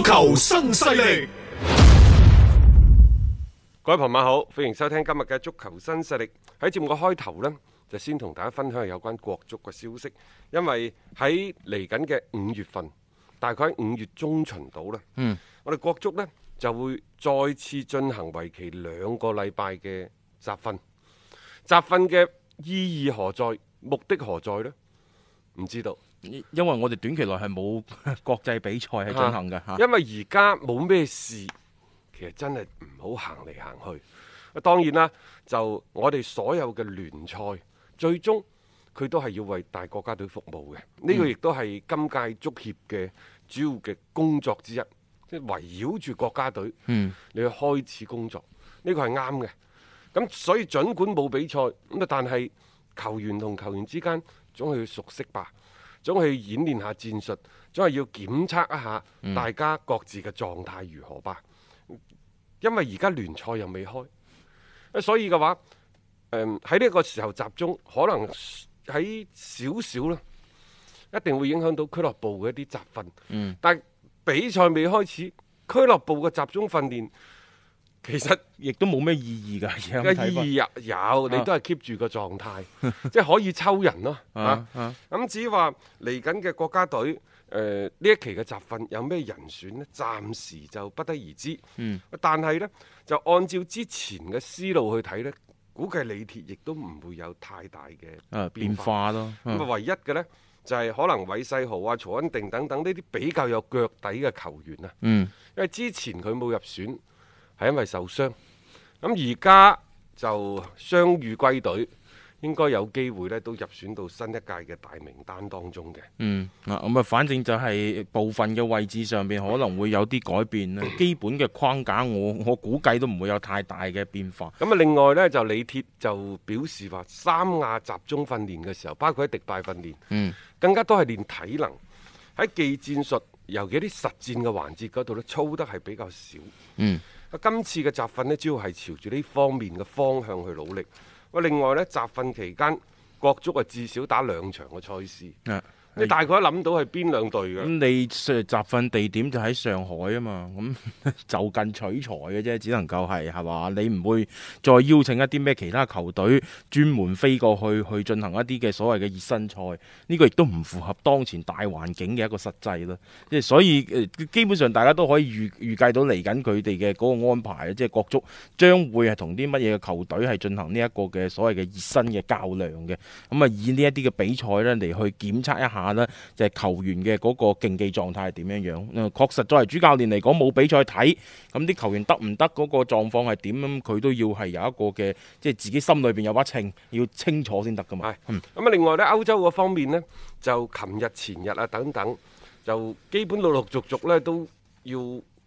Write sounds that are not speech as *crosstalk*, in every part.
足球新勢力，各位朋友好，歡迎收聽今日嘅足球新勢力。喺節目嘅開頭呢，就先同大家分享有關國足嘅消息。因為喺嚟緊嘅五月份，大概喺五月中旬到啦。嗯，我哋國足呢就會再次進行為期兩個禮拜嘅集訓。集訓嘅意義何在？目的何在呢？唔知道。因為我哋短期內係冇國際比賽係進行嘅。啊、因為而家冇咩事，其實真係唔好行嚟行去。啊，當然啦，就我哋所有嘅聯賽，最終佢都係要為大國家隊服務嘅。呢、嗯呢個亦都係今屆足協嘅主要嘅工作之一，即係圍繞住國家隊，嗯。你去開始工作呢，呢個係啱嘅。咁所以盡管冇比賽咁，但係球員同球員之間總係要熟悉吧。總係演練下戰術，總係要檢測一下大家各自嘅狀態如何吧。嗯、因為而家聯賽又未開，所以嘅話，喺、嗯、呢個時候集中，可能喺少少啦，一定會影響到俱樂部嘅一啲集訓。嗯、但比賽未開始，俱樂部嘅集中訓練其實亦都冇咩意義㗎，嘅意義有，你都係 keep 住個狀態、啊，即係可以抽人咯、啊、嚇。咁至於話嚟緊嘅國家隊，誒、呃、呢一期嘅集訓有咩人選呢？暫時就不得而知。嗯、但係呢，就按照之前嘅思路去睇呢，估計李鐵亦都唔會有太大嘅變化咯、啊嗯嗯。唯一嘅呢，就係、是、可能韋世豪啊、曹恩定等等呢啲比較有腳底嘅球員啊。嗯，因為之前佢冇入選。係因為受傷，咁而家就傷愈歸隊，應該有機會咧都入選到新一屆嘅大名單當中嘅。嗯，嗱，咁啊，反正就係部分嘅位置上面可能會有啲改變咧，嗯。基本嘅框架我，我我估計都唔會有太大嘅變化。咁啊，另外呢，就李鐵就表示話，三亞集中訓練嘅時候，包括喺迪拜訓練，嗯，更加多係練體能喺技戰術，尤其啲實戰嘅環節嗰度咧，操得係比較少，嗯。今次嘅集訓呢，主要係朝住呢方面嘅方向去努力。另外呢，集訓期間，國足啊至少打兩場嘅賽事。Yeah. 你大概諗到係邊兩隊嘅？咁你誒集訓地點就喺上海啊嘛，咁就近取材嘅啫，只能夠係係嘛？你唔會再邀請一啲咩其他球隊專門飛過去去進行一啲嘅所謂嘅熱身賽，呢個亦都唔符合當前大環境嘅一個實際啦，即係所以誒，基本上大家都可以預預計到嚟緊佢哋嘅個安排啊，即係國足將會係同啲乜嘢嘅球隊係進行呢一個嘅所謂嘅熱身嘅較量嘅。咁啊，以呢一啲嘅比賽咧嚟去檢測一下。就係、是、球員嘅嗰個競技狀態係點樣樣、嗯？確實，作為主教練嚟講，冇比賽睇，咁啲球員得唔得嗰個狀況係點？佢、嗯、都要係有一個嘅，即係自己心裏邊有一把秤，要清楚先得㗎嘛。係，咁、嗯、啊，另外咧，歐洲嗰方面呢，就琴日前日啊等等，就基本陸陸,陸續續咧都要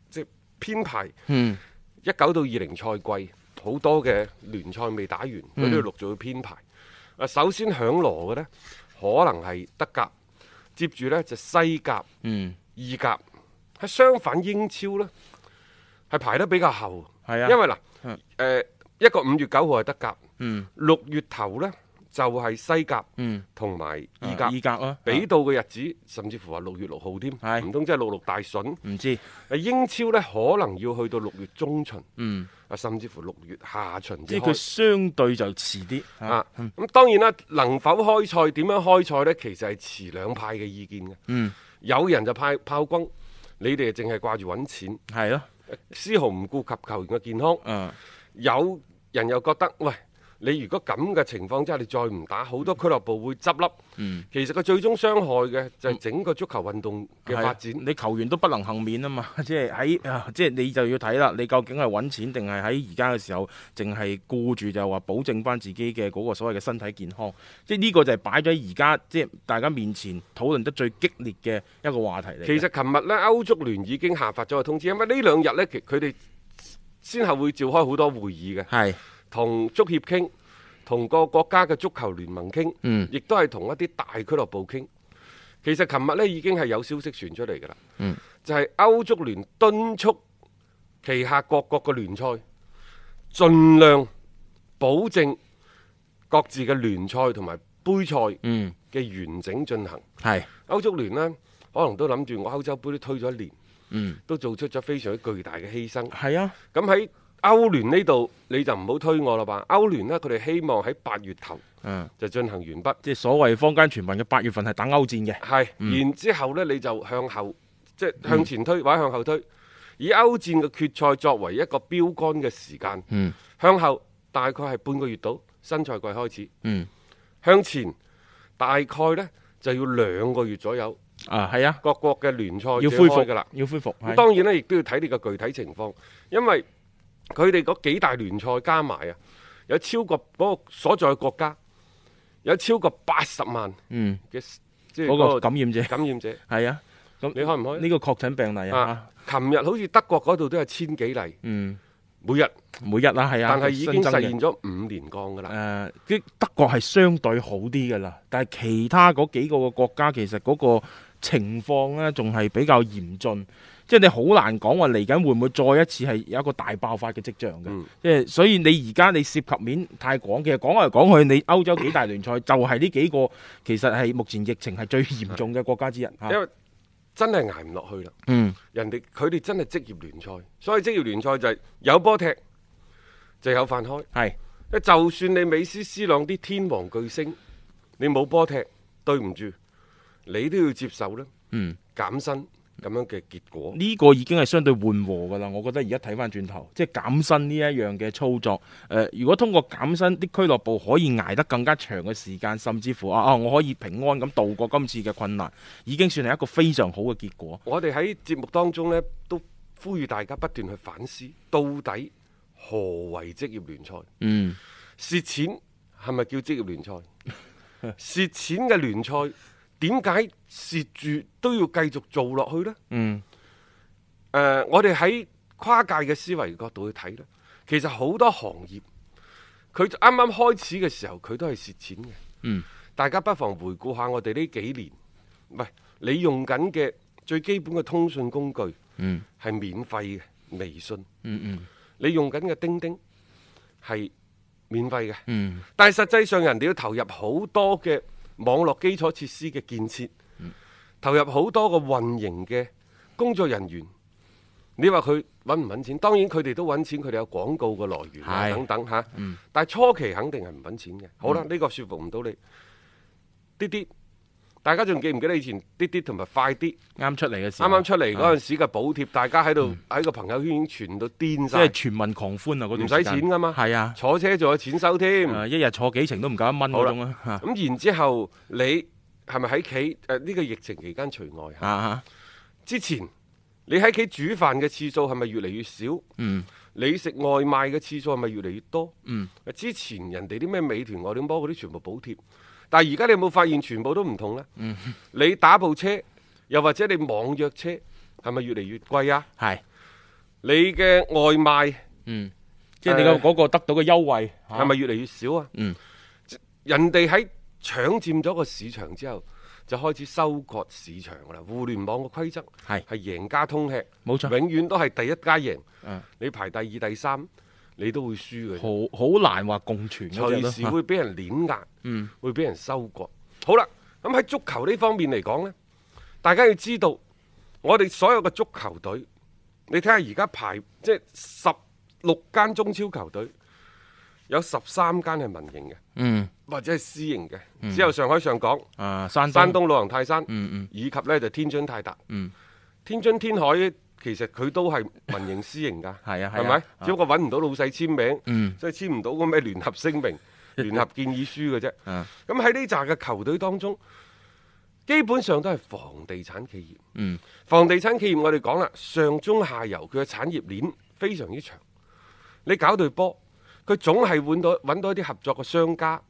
即係編排。嗯。一九到二零賽季好多嘅聯賽未打完，佢、嗯、都要陸續去編排。啊、嗯，首先響羅嘅呢，可能係德甲。接住咧就是、西甲、嗯意甲，喺相反英超咧係排得比較後，係啊，因為嗱，誒、嗯呃、一個五月九號係德甲，嗯六月頭咧。就係、是、西甲，意甲，嗯，同埋意甲，意甲啊，俾到嘅日子、嗯、甚至乎話六月六號添，唔通即係六六大順？唔知、啊、英超呢可能要去到六月中旬，嗯，啊，甚至乎六月下旬，即係佢相對就遲啲啊。咁、嗯啊嗯、當然啦，能否開賽？點樣開賽呢？其實係遲兩派嘅意見嘅，嗯，有人就派炮轟，你哋啊，淨係掛住揾錢，係咯，絲毫唔顧及球員嘅健康、嗯，有人又覺得喂。你如果咁嘅情況之下，你再唔打，好多俱樂部會執笠、嗯。其實個最終傷害嘅就係整個足球運動嘅發展。嗯、你球員都不能幸免啊嘛！即係喺即係你就要睇啦，你究竟係揾錢定係喺而家嘅時候淨係顧住就話保證翻自己嘅嗰個所謂嘅身體健康？即係呢個就係擺咗喺而家即係大家面前討論得最激烈嘅一個話題嚟。其實琴日呢歐足聯已經下發咗個通知，因為呢兩日呢，佢哋先後會召開好多會議嘅。係。同足協傾，同個國家嘅足球聯盟傾、嗯，亦都係同一啲大俱樂部傾。其實琴日呢已經係有消息傳出嚟㗎啦，就係、是、歐足聯敦促旗下各國嘅聯賽，盡量保證各自嘅聯賽同埋杯賽嘅完整進行、嗯。歐足聯呢，可能都諗住我歐洲杯都推咗一年、嗯，都做出咗非常之巨大嘅犧牲。係啊，咁、嗯、喺歐聯呢度你就唔好推我啦吧？歐聯呢，佢哋希望喺八月頭就進行完畢、嗯，即係所謂坊間傳聞嘅八月份係打歐戰嘅，係、嗯。然之後呢你就向後即係、就是、向前推、嗯、或者向後推，以歐戰嘅決賽作為一個標桿嘅時間、嗯，向後大概係半個月到新賽季開始，嗯，向前大概呢，就要兩個月左右啊，係啊，各國嘅聯賽要恢復噶啦，要恢復。恢復啊、當然呢，亦都要睇你個具體情況，因為。佢哋嗰幾大聯賽加埋啊，有超過嗰個所在嘅國家，有超過八十萬嘅即係感染者。感染者係啊，咁你開唔開呢個確診病例啊？琴日好似德國嗰度都係千幾例。嗯，每日每日啦，係啊，但係已經實現咗五年降噶啦。誒，即德國係相對好啲噶啦，但係其他嗰幾個嘅國家其實嗰個情況咧仲係比較嚴峻。即係你好難講話嚟緊會唔會再一次係有一個大爆發嘅跡象嘅，即、嗯、係，所以你而家你涉及面太廣，其實講嚟講去，你歐洲幾大聯賽就係呢幾個，其實係目前疫情係最嚴重嘅國家之一，因為真係挨唔落去啦。嗯，人哋佢哋真係職業聯賽，所以職業聯賽就係有波踢就有飯開，係。就算你美斯、斯、C 朗啲天王巨星，你冇波踢，對唔住，你都要接受啦。嗯，減薪。咁樣嘅結果，呢個已經係相對緩和噶啦。我覺得而家睇翻轉頭，即係減薪呢一樣嘅操作。誒、呃，如果通過減薪，啲俱樂部可以捱得更加長嘅時間，甚至乎啊啊，我可以平安咁度過今次嘅困難，已經算係一個非常好嘅結果。我哋喺節目當中呢，都呼籲大家不斷去反思，到底何為職業聯賽？嗯，蝕錢係咪叫職業聯賽？蝕 *laughs* 錢嘅聯賽。點解蝕住都要繼續做落去呢？嗯、呃，誒，我哋喺跨界嘅思維角度去睇呢，其實好多行業佢啱啱開始嘅時候，佢都係蝕錢嘅。嗯，大家不妨回顧下我哋呢幾年，唔係你用緊嘅最基本嘅通訊工具是免費，嗯，係免費嘅微信。嗯嗯，你用緊嘅釘釘係免費嘅。嗯，但係實際上人哋要投入好多嘅網絡基礎設施嘅建設，投入好多個運營嘅工作人員，你話佢揾唔揾錢？當然佢哋都揾錢，佢哋有廣告嘅來源等等嚇、嗯。但係初期肯定係唔揾錢嘅。好啦，呢、呢個説服唔到你，啲啲。大家仲記唔記得以前滴滴同埋快啲啱出嚟嘅時候？啱啱出嚟嗰陣時嘅補貼，大家喺度喺個朋友圈已經傳到癲晒，即係全民狂歡啊！嗰種唔使錢噶嘛，係啊，坐車仲有錢收添、呃，一日坐幾程都唔夠一蚊嗰種啊！咁、嗯、然之後你係咪喺企？誒、呃，呢、這個疫情期間除外吓、啊，之前你喺企煮飯嘅次數係咪越嚟越少？嗯，你食外賣嘅次數係咪越嚟越多？嗯，之前人哋啲咩美團、餓了麼嗰啲全部補貼。但係而家你有冇發現全部都唔同呢？你打部車，又或者你網約車係咪越嚟越貴啊？係，你嘅外賣，嗯，即係你個嗰個得到嘅優惠係咪、呃、越嚟越少啊？嗯，人哋喺搶佔咗個市場之後，就開始收割市場㗎啦。互聯網嘅規則係係贏家通吃，冇錯，永遠都係第一家贏、嗯，你排第二、第三。你都會輸嘅，好好難話共存嘅咯。隨時會俾人碾壓，嗯，會俾人收割。好啦，咁喺足球呢方面嚟講呢，大家要知道，我哋所有嘅足球隊，你睇下而家排即係十六間中超球隊，有十三間係民營嘅，嗯，或者係私營嘅，只有上海上港、啊、嗯、山山東魯能泰山，嗯嗯、以及呢就是、天津泰達、嗯，天津天海。其實佢都係民營私營㗎，係 *laughs* 咪、啊啊？只不過揾唔到老細簽名、嗯，所以簽唔到個咩聯合聲明、聯合建議書嘅啫。咁喺呢紮嘅球隊當中，基本上都係房地產企業、嗯。房地產企業我哋講啦，上中下游佢嘅產業鏈非常之長。你搞對波，佢總係揾到揾到一啲合作嘅商家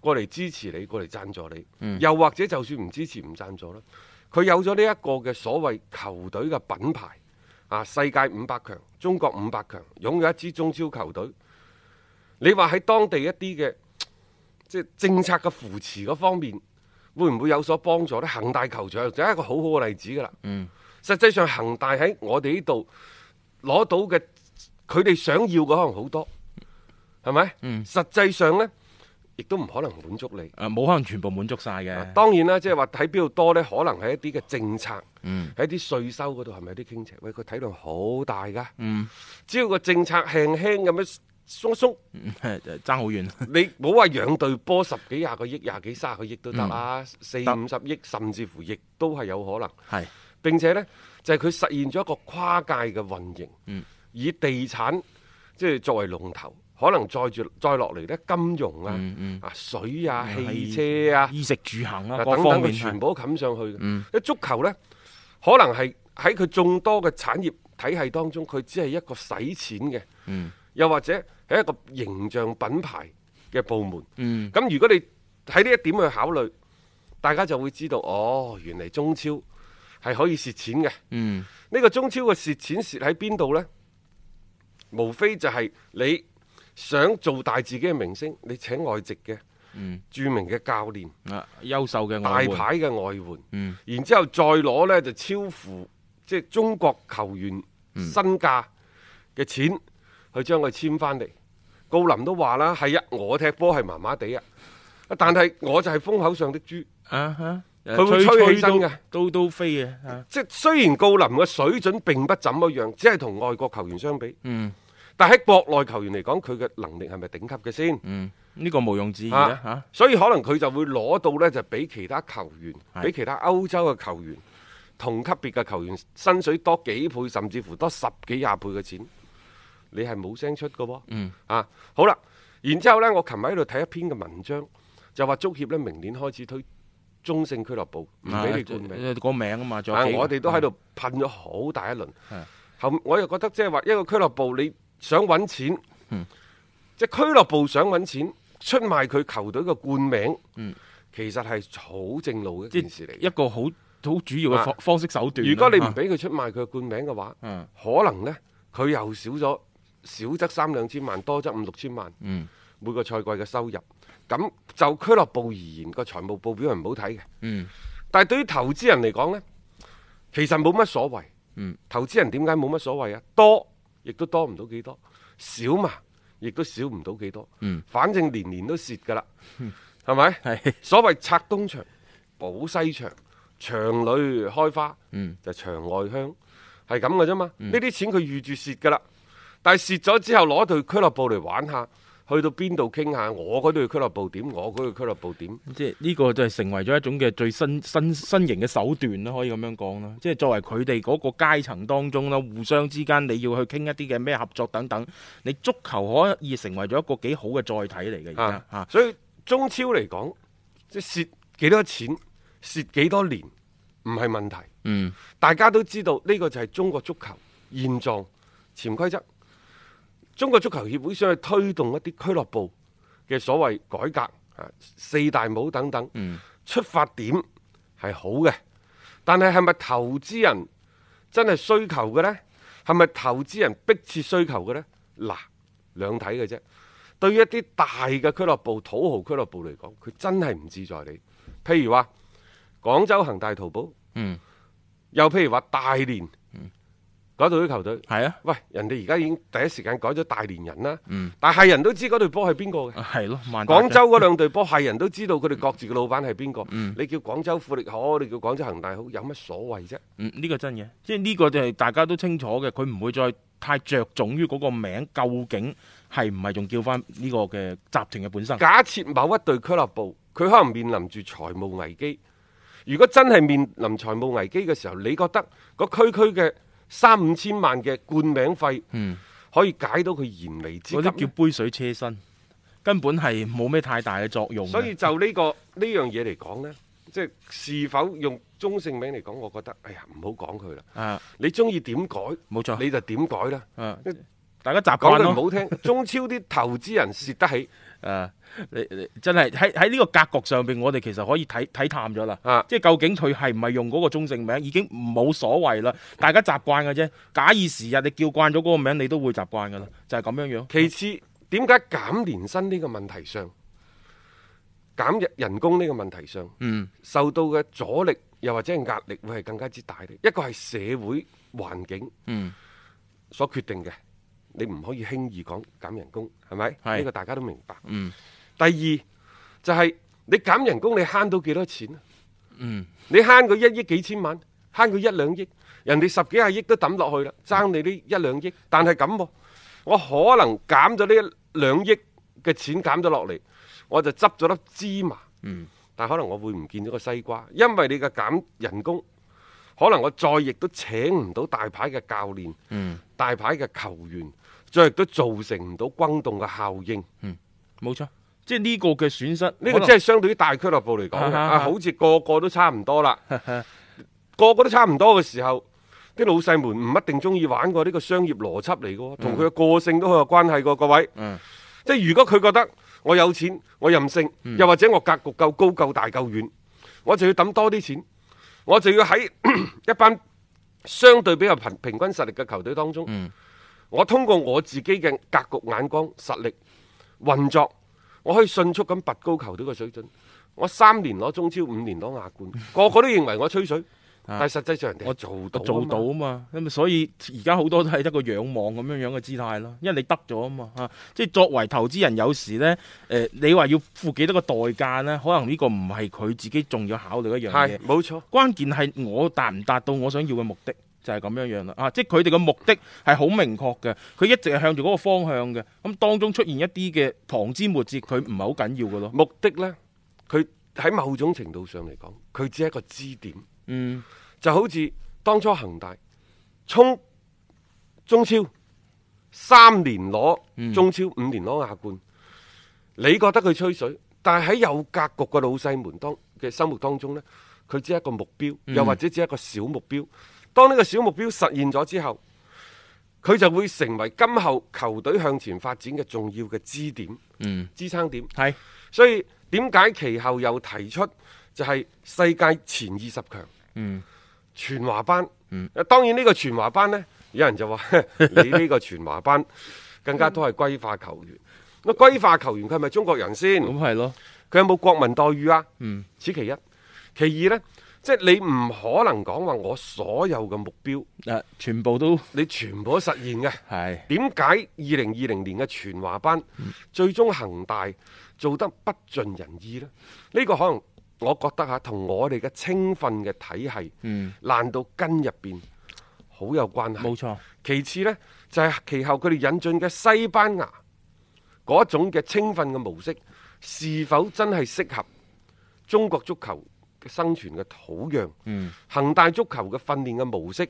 過嚟支持你，過嚟贊助你、嗯。又或者就算唔支持唔贊助咧，佢有咗呢一個嘅所謂球隊嘅品牌。啊！世界五百強，中國五百強，擁有一支中超球隊。你話喺當地一啲嘅，即政策嘅扶持嗰方面，會唔會有所幫助咧？恒大球場就係一個好好嘅例子㗎啦。嗯，實際上恒大喺我哋呢度攞到嘅，佢哋想要嘅可能好多，係咪？嗯，實際上呢？亦都唔可能滿足你，啊冇可能全部滿足晒嘅。當然啦，即係話睇比較多咧，可能係一啲嘅政策，喺啲稅收嗰度係咪有啲傾斜喂，佢體量好大噶，嗯，只要個政策輕輕咁樣鬆鬆，就爭、嗯、好遠。你冇話養對波十幾廿個億、廿幾卅個億都得啦、嗯，四五十億、嗯、甚至乎亦都係有可能。係。並且咧，就係、是、佢實現咗一個跨界嘅運營，嗯，以地產即係、就是、作為龍頭。可能載住再落嚟呢，金融啊，啊、嗯嗯、水啊，汽車啊、嗯，衣食住行啊，等等，佢全部都冚上去嘅。嗯、足球呢，可能係喺佢眾多嘅產業體系當中，佢只係一個洗錢嘅、嗯，又或者係一個形象品牌嘅部門。咁、嗯、如果你喺呢一點去考慮，大家就會知道哦，原來中超係可以蝕錢嘅。呢、嗯這個中超嘅蝕錢蝕喺邊度呢？無非就係你。想做大自己嘅明星，你請外籍嘅著名嘅教練、嗯啊，優秀嘅大牌嘅外援，外援嗯、然之後再攞呢就超乎即係、就是、中國球員身價嘅錢、嗯、去將佢簽翻嚟。郜林都話啦，係啊，我踢波係麻麻地啊，但係我就係風口上的豬，佢、啊啊、會吹起身嘅，都都飛嘅、啊啊。即係雖然郜林嘅水準並不怎麼樣，只係同外國球員相比。嗯但喺國內球員嚟講，佢嘅能力係咪頂級嘅先？嗯，呢個毋庸置疑吓，所以可能佢就會攞到呢，就比其他球員，比其他歐洲嘅球員同級別嘅球員薪水多幾倍，甚至乎多十幾廿倍嘅錢。你係冇聲出嘅喎、哦。嗯、啊，好啦，然之後呢，我琴日喺度睇一篇嘅文章，就話足協呢，明年開始推中性俱樂部，唔俾你冠名。個名啊嘛，我哋都喺度噴咗好大一輪。後我又覺得即係話一個俱樂部你。想揾錢，嗯、即係俱樂部想揾錢，出賣佢球隊嘅冠名，嗯、其實係好正路嘅一件事嚟，一個好好主要嘅方式手段、啊。如果你唔俾佢出賣佢冠名嘅話、啊，可能呢，佢又少咗少則三兩千萬，多則五六千萬。嗯、每個賽季嘅收入，咁就俱樂部而言個財務報表係唔好睇嘅、嗯。但係對於投資人嚟講呢，其實冇乜所謂、嗯。投資人點解冇乜所謂啊？多。亦都多唔到幾多，少嘛，亦都少唔到幾多。嗯，反正年年都蝕㗎啦，係 *laughs* 咪是吧？ *laughs* 所謂拆東牆補西牆，牆裏開花，嗯、就牆外香，係咁㗎啫嘛。呢、嗯、啲錢佢預住蝕㗎啦，但係蝕咗之後攞隊俱樂部嚟玩下。去到邊度傾下？我嗰度俱樂部點？我嗰度俱樂部點？即係呢個就係成為咗一種嘅最新新新型嘅手段啦，可以咁樣講啦。即係作為佢哋嗰個階層當中啦，互相之間你要去傾一啲嘅咩合作等等，你足球可以成為咗一個幾好嘅載體嚟嘅。而家吓，所以中超嚟講，即係蝕幾多錢，蝕幾多年唔係問題。嗯，大家都知道呢個就係中國足球現狀潛規則。中國足球協會想去推動一啲俱樂部嘅所謂改革啊，四大帽等等，嗯、出發點係好嘅，但係係咪投資人真係需求嘅呢？係咪投資人迫切需求嘅呢？嗱、啊，兩睇嘅啫。對於一啲大嘅俱樂部、土豪俱樂部嚟講，佢真係唔自在你。譬如話廣州恒大淘寶，嗯，又譬如話大連，嗯改咗隊啲球隊係啊！喂，人哋而家已經第一時間改咗大連人啦。嗯，但係人都知嗰隊波係邊個嘅。係咯，廣州嗰兩隊波係人都知道佢哋 *laughs* 各自嘅老闆係邊個。嗯，你叫廣州富力好，你叫廣州恒大好，有乜所謂啫？嗯，呢、呢個真嘅。即係呢個就係大家都清楚嘅，佢唔會再太着重於嗰個名，究竟係唔係仲叫返呢個嘅集團嘅本身？假設某一隊俱樂部佢可能面臨住財務危機，如果真係面臨財務危機嘅時候，你覺得個區區嘅？三五千萬嘅冠名費、嗯，可以解到佢燃眉之急，嗰啲叫杯水車薪，根本係冇咩太大嘅作用。所以就呢、呢個呢樣嘢嚟講呢，即、就、係、是、是否用中性名嚟講，我覺得，哎呀，唔好講佢啦。啊，你中意點改，冇錯，你就點改啦、啊。大家習慣講句唔好聽， *laughs* 中超啲投資人蝕得起。誒、uh,，你你真係喺喺呢個格局上邊，我哋其實可以睇睇淡咗啦。啊，即係究竟佢係唔係用嗰個中性名，已經冇所謂啦。大家習慣嘅啫。 *laughs* 假以時日，你叫慣咗嗰個名，你都會習慣噶啦。就係咁樣樣。其次，點解減年薪呢個問題上，減人工呢個問題上，嗯，受到嘅阻力又或者係壓力會係更加之大嘅。一個係社會環境，嗯，所決定嘅。你唔可以輕易講減人工，係咪？呢、這個大家都明白。嗯、第二就係、是、你減人工、嗯，你慳到幾多錢啊？你慳佢一億幾千萬，慳佢一兩億，人哋十幾廿億都抌落去啦，爭你呢一兩億。但係咁、啊，我可能減咗呢兩億嘅錢減咗落嚟，我就執咗粒芝麻、嗯。但可能我會唔見咗個西瓜，因為你嘅減人工，可能我再亦都請唔到大牌嘅教練，嗯、大牌嘅球員。再亦都造成唔到轟動嘅效應。嗯，冇錯，即係呢個嘅損失，呢、這個真係相對於大俱樂部嚟講，啊，好似個個都差唔多啦。是是是個個都差唔多嘅時候，啲老細們唔一定中意玩過呢、嗯、個商業邏輯嚟嘅喎，同佢嘅個性都好有關係喎。各位，嗯、即係如果佢覺得我有錢，我任性，嗯、又或者我格局夠高、夠大、夠遠，我就要揼多啲錢，我就要喺 *coughs* 一班相對比較平平均實力嘅球隊當中，嗯。我通過我自己嘅格局眼光、實力運作，我可以迅速咁拔高球隊個水準。我三年攞中超，五年攞亞冠，個個都認為我吹水， *laughs* 但係實際上人哋我做到，做到啊嘛。咁所以而家好多都係一個仰望咁樣樣嘅姿態咯。因為你得咗啊嘛嚇，即係作為投資人，有時呢，誒、呃，你話要付幾多個代價呢？可能呢個唔係佢自己仲要考慮的一樣嘢，冇錯。關鍵係我達唔達到我想要嘅目的。就係、是、咁樣樣啦，啊，即係佢哋嘅目的係好明確嘅，佢一直係向住嗰個方向嘅。咁當中出現一啲嘅旁枝末節，佢唔係好緊要嘅咯。目的呢，佢喺某種程度上嚟講，佢只係一個支點。嗯，就好似當初恒大衝中超三年攞中超，五年攞亞冠，嗯，你覺得佢吹水？但係喺有格局嘅老細們當嘅生活當中呢，佢只係一個目標，又或者只係一個小目標。嗯。當呢個小目標實現咗之後，佢就會成為今後球隊向前發展嘅重要嘅支點、嗯、支撐點。係，所以點解其後又提出就係世界前二十強？嗯，全華班。嗯，當然呢個全華班呢，有人就話 *laughs* *laughs* 你呢個全華班更加多係歸化球員。咁歸化球員佢係咪中國人先？咁係咯。佢有冇國民待遇啊？嗯，此其一。其二呢？即係你唔可能講話我所有嘅目標，誒，全部都你全部都實現嘅。係點解二零二零年嘅全華班、嗯、最終恆大做得不盡人意呢？呢、這個可能我覺得吓同我哋嘅青訓嘅體系爛到、嗯、根入邊好有關係。冇錯。其次呢，就係、是、其後佢哋引進嘅西班牙嗰種嘅青訓嘅模式，是否真係適合中國足球？生存嘅土壤、嗯，恒大足球嘅訓練嘅模式，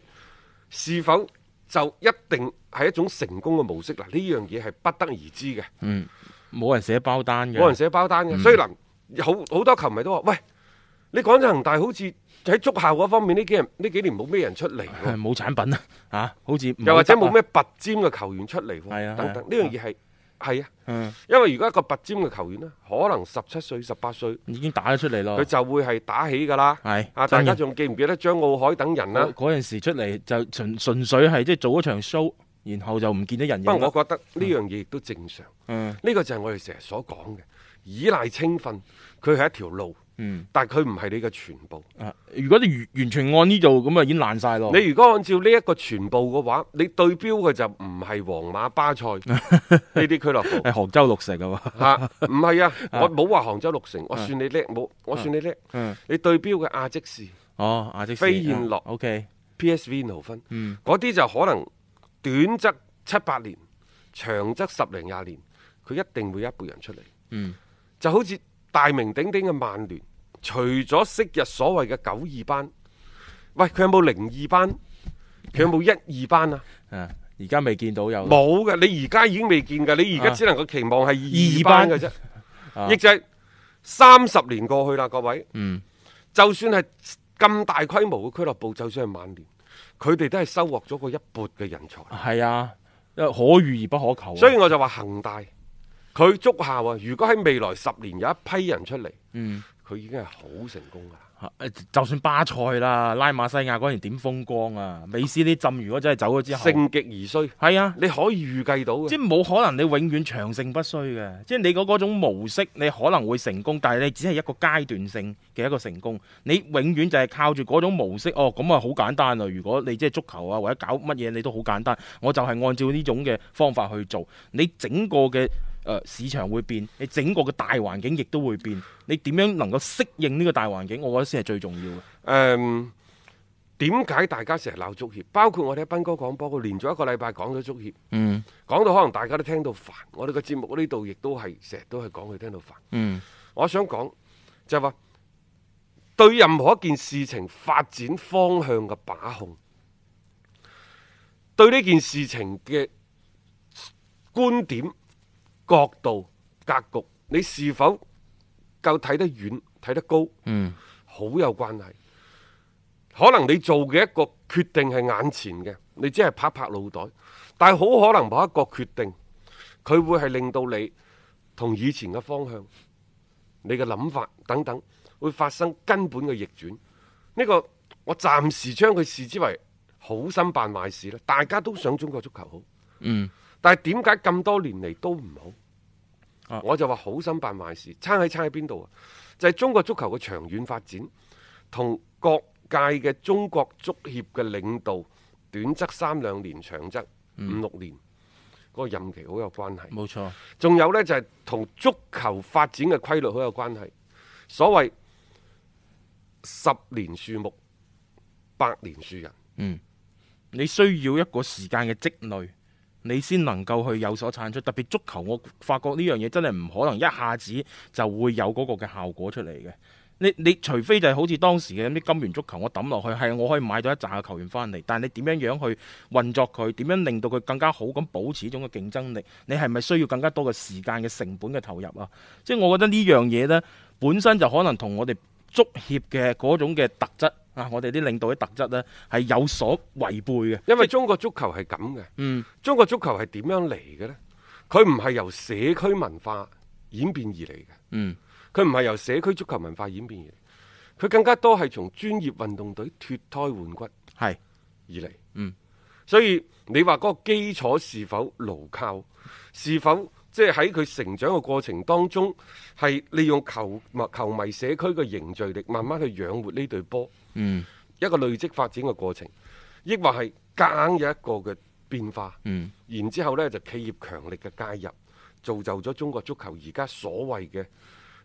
是否就一定係一種成功嘅模式？嗱，呢樣嘢係不得而知嘅。嗯，冇人寫包單嘅，冇人寫包單嘅、嗯。所以嗱，好好多球迷都話：「喂，你講咗恒大好似喺足校嗰方面，呢幾，幾年呢幾年冇咩人出嚟，冇產品啊，嚇、啊，好似又或者冇咩拔尖嘅球員出嚟、啊，等等，呢樣嘢係。係啊，因為如果一個拔尖嘅球員咧，可能十七歲、十八歲已經打得出嚟咯，佢就會係打起噶啦。係啊，大家仲記唔記得張奧海等人咧？嗰陣時出嚟就純純粹係即係做一場 show，然後就唔見得人影。不過我覺得呢樣嘢亦都正常。嗯，呢個就係我哋成日所講嘅，依賴青訓，佢係一條路。嗯，但係佢唔係你嘅全部、啊。如果你完完全按呢、這、度、個，咁啊已經爛晒咯。你如果按照呢一個全部嘅話，你對標嘅就唔係皇馬、巴塞呢啲 *laughs* 俱樂部，係杭州綠城 *laughs* 啊。吓、啊，唔係啊，我冇話杭州綠城、啊，我算你叻，冇、啊、我算你叻、啊。你對標嘅亞積士哦，亞積士飛燕諾，OK，PSV 牛芬。嗰啲、啊 okay 嗯、就可能短則七八年，長則十零廿年，佢一定會一輩人出嚟。嗯，就好似大名鼎鼎嘅曼聯。除咗昔日所謂嘅九二班，喂，佢有冇零二班？佢有冇一二班啊？而家未見到有冇嘅？你而家已經未見嘅，你而家只能夠期望係、啊、二班嘅啫。亦就係三十年過去啦，各位。嗯，就算係咁大規模嘅俱樂部，就算係晚年，佢哋都係收穫咗個一撥嘅人才。係啊，因可遇而不可求、啊。所以我就話恒大，佢足校喎。如果喺未來十年有一批人出嚟，嗯。佢已經係好成功噶，就算巴塞啦、拉馬西亞嗰陣時點風光啊！美斯呢浸如果真係走咗之後，盛極而衰，係啊，你可以預計到即係冇可能你永遠長盛不衰嘅。即係你嗰種模式，你可能會成功，但係你只係一個階段性嘅一個成功。你永遠就係靠住嗰種模式，哦，咁啊好簡單啊！如果你即係足球啊，或者搞乜嘢你都好簡單，我就係按照呢種嘅方法去做，你整個嘅。誒，市場會變，你整個嘅大環境亦都會變，你點樣能夠適應呢個大環境？我覺得先係最重要嘅。誒、嗯，點解大家成日鬧足協？包括我哋喺斌哥講波，佢連續一個禮拜講咗足協，嗯，講到可能大家都聽到煩。我哋嘅節目呢度亦都係成日都係講佢聽到煩。嗯，我想講就係話，對任何一件事情發展方向嘅把控，對呢件事情嘅觀點。角度、格局，你是否夠睇得遠、睇得高？嗯，好有關係。可能你做嘅一個決定係眼前嘅，你只係拍拍腦袋，但係好可能某一個決定，佢會係令到你同以前嘅方向、你嘅諗法等等，會發生根本嘅逆轉。呢個我暫時將佢視之為好心辦壞事啦。大家都想中國足球好，嗯。但係點解咁多年嚟都唔好、啊？我就話好心辦壞事，差喺差喺邊度啊？就係、是、中國足球嘅長遠發展，同各界嘅中國足協嘅領導，短則三兩年，長則五六年，嗯，那個任期好有關係。冇錯。仲有呢，就係、是、同足球發展嘅規律好有關係。所謂十年樹木，百年樹人。嗯，你需要一個時間嘅積累。你先能夠去有所產出，特別足球，我發覺呢樣嘢真係唔可能一下子就會有嗰個嘅效果出嚟嘅。你你除非就係好似當時嘅啲金元足球我下，我抌落去係我可以買到一紮嘅球員翻嚟，但係你點樣樣去運作佢，點樣令到佢更加好咁保持一種嘅競爭力？你係咪需要更加多嘅時間嘅成本嘅投入啊？即、係、我覺得這呢樣嘢呢本身就可能同我哋足協嘅嗰種嘅特質。啊！我哋啲領導嘅特質呢係有所違背嘅，因為中國足球係咁嘅。嗯，中國足球係點樣嚟嘅呢？佢唔係由社區文化演變而嚟嘅。嗯，佢唔係由社區足球文化演變而嚟，佢更加多係從專業運動隊脱胎換骨係而嚟。嗯，所以你話嗰個基礎是否牢靠？是否即係喺佢成長嘅過程當中，係利用球球迷社區嘅凝聚力，慢慢去養活呢隊波？嗯，一個累積發展嘅過程，抑或係夾硬有一個嘅變化，嗯，然之後咧，就企業強力嘅介入，造就咗中國足球而家所謂嘅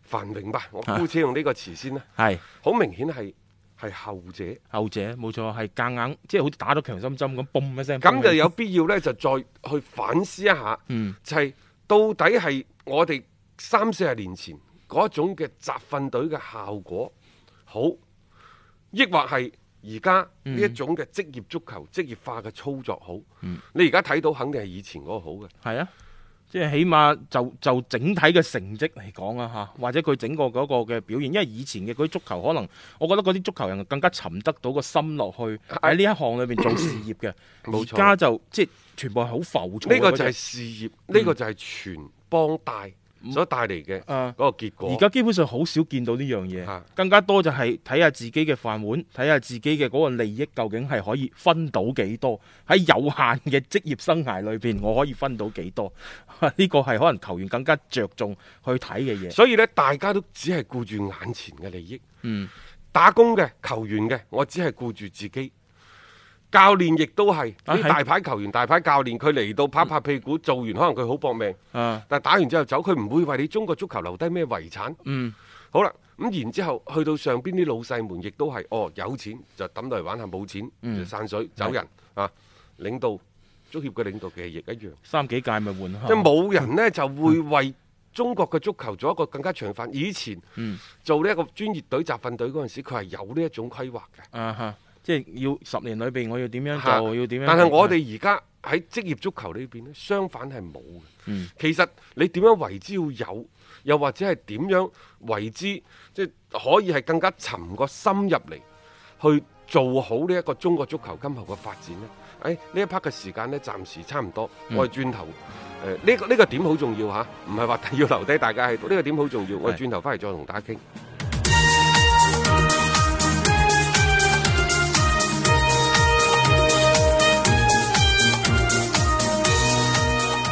繁榮吧。啊、我姑且用呢個詞先啦，係好明顯係係後者，後者冇錯，係夾硬，即、就、係、係、好似打咗強心針咁嘣一聲咁就有必要呢，就再去反思一下，嗯、就係、係、到底係我哋三四十年前嗰種嘅集訓隊嘅效果好。抑或係而家呢一種嘅職業足球，職、嗯、業化嘅操作好？你而家睇到肯定係以前嗰個好嘅。係啊，即係起碼就就整體嘅成績嚟講啊吓，或者佢整個嗰個嘅表現，因為以前嘅嗰啲足球可能，我覺得嗰啲足球人更加沉得到個心落去喺呢一項裏面做事業嘅。冇錯，而家就即係全部係好浮躁。呢、呢個就係事業，呢、嗯呢個就係全幫大。所帶嚟嘅嗰個結果，嗯、而家基本上好少見到呢樣嘢，更加多就係睇下自己嘅飯碗，睇下自己嘅嗰個利益究竟係可以分到幾多？喺有限嘅職業生涯裏邊、嗯，我可以分到幾多？呢個係可能球員更加着重去睇嘅嘢。所以呢，大家都只係顧住眼前嘅利益。嗯，打工嘅球員嘅，我只係顧住自己。教練亦都係啲大牌球員、大牌教練，佢嚟到拍拍屁股，做完可能佢好搏命，啊、但係打完之後走，佢唔會為你中國足球留低咩遺產。嗯，好啦，咁然之後去到上邊啲老細們亦都係，哦有錢就抌落嚟玩下，冇錢就散水、嗯、走人啊。領導足協嘅領導其實亦一樣，三幾屆咪換下。即、就、冇、是、人呢，就會為中國嘅足球做一個更加長遠、嗯。以前做呢一個專業隊、集訓隊嗰陣時，佢係有呢一種規劃嘅。啊哈即係要十年裏邊，我要點樣做？要點樣？但係我哋而家喺職業足球裏邊咧，相反係冇嘅。其實你點樣為之要有，又或者係點樣為之即係、就是、可以係更加沉個心入嚟，去做好呢一個中國足球今後嘅發展呢？誒、哎、呢一 part 嘅時間呢，暫時差唔多。我哋轉頭誒呢、嗯呃這個呢、這個點好重要嚇，唔係話要留低大家喺度。呢、這個點好重要。我哋轉頭翻嚟再同大家傾。